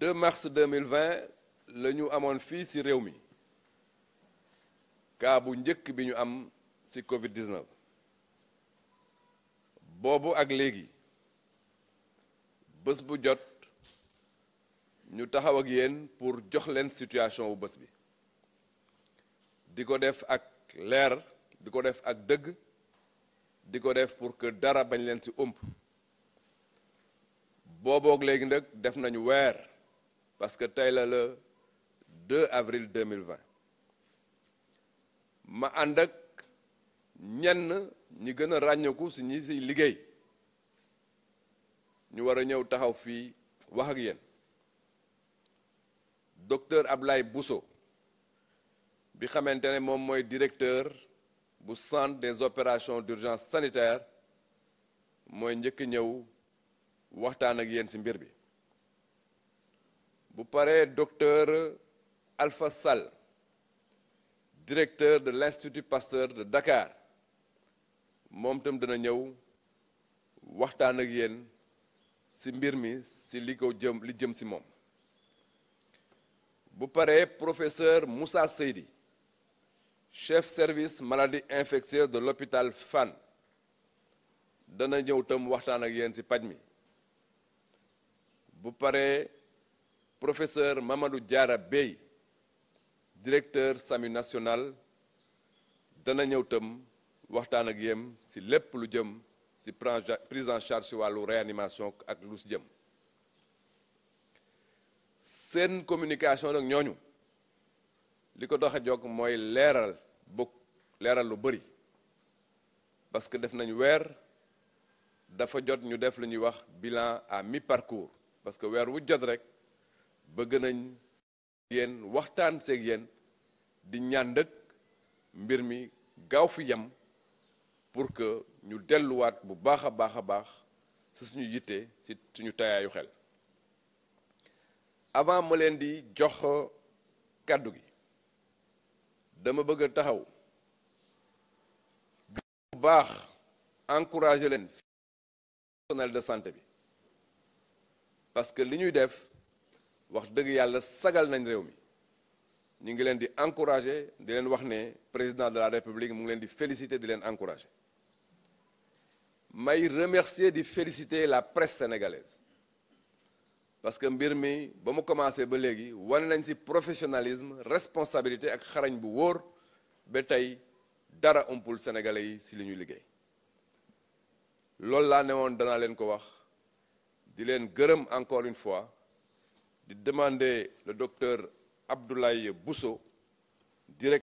2 mars 2020 la ñu amoon fii ci réew mi kaabu njëkk bi ñu am ci Covid 19 boobu ak léegi bés bu jot ñu taxaw ak yéen pour jox leen situation wu bés bi di ko def ak leer di ko def ak dëgg di ko def pour que dara bañ leen ci ëmp boobook léegi nag def nañu weer. parce que tey la le 2 avril 2020 ma ànd ak ñenn ñi gën a ràññeeku si ñi si liggéey ñu war a ñëw taxaw fii wax ak yéen docteur Ablaye Bousso bi xamante ne moom mooy directeur bu centre des opérations d'urgence sanitaire mooy njëkk ñëw waxtaan ak yéen si mbir bi bu paree docteur Alpha Sall directeur de l'Institut Pasteur de Dakar moom itam dana ñëw waxtaan ak yéen ci mbir mi ci li ko jëm li jëm ci moom bu pare professeur Moussa Seydi chef service maladie infectieuse de l'hôpital Fann dana ñëw tam waxtaan ak yéen ci paj mi bu paree professeur Mamadou jaara Bey directeur SAMU national dana ñëw tam waxtaan ak yéen ci lépp lu jëm ci prise en charge ci wàllu réanimation ak lu si jëm seen communication nag ñooñu li ko dox jog mooy leeral bokk leeral lu bëri parce que def nañu weer dafa jot ñu def lu ñuy wax bilan à mi-parcours parce que weer wu jot rek bëgg nañ yéen waxtaan seeg yéen di ñaan dëkk mbir mi gaaw fi yem pour que ñu delluwaat bu baax a baax a baax si suñu yitte ci suñu tayaayu xel avant ma leen di jox kàddu gi dama bëgg a taxaw bu baax encourager leen personnel de santé bi li ñuy def wax dëgg yàlla sagal nañ réew mi ñu ngi leen di encouragé di leen wax ne président de la république mu ngi leen di félicité di leen encouragé may remercier di féliciter la presse sénégalaise parce que mbir mi ba mu commencé ba léegi wane nañ ci professionnalisme responsabilité ak xarañ bu wóor ba tey dara umpul sénégalais yi ci li ñuy liggéey loolu laa ne woon danaa leen ko wax di leen gërëm encore une fois de demander le docteur Abdoulaye Bousso, directeur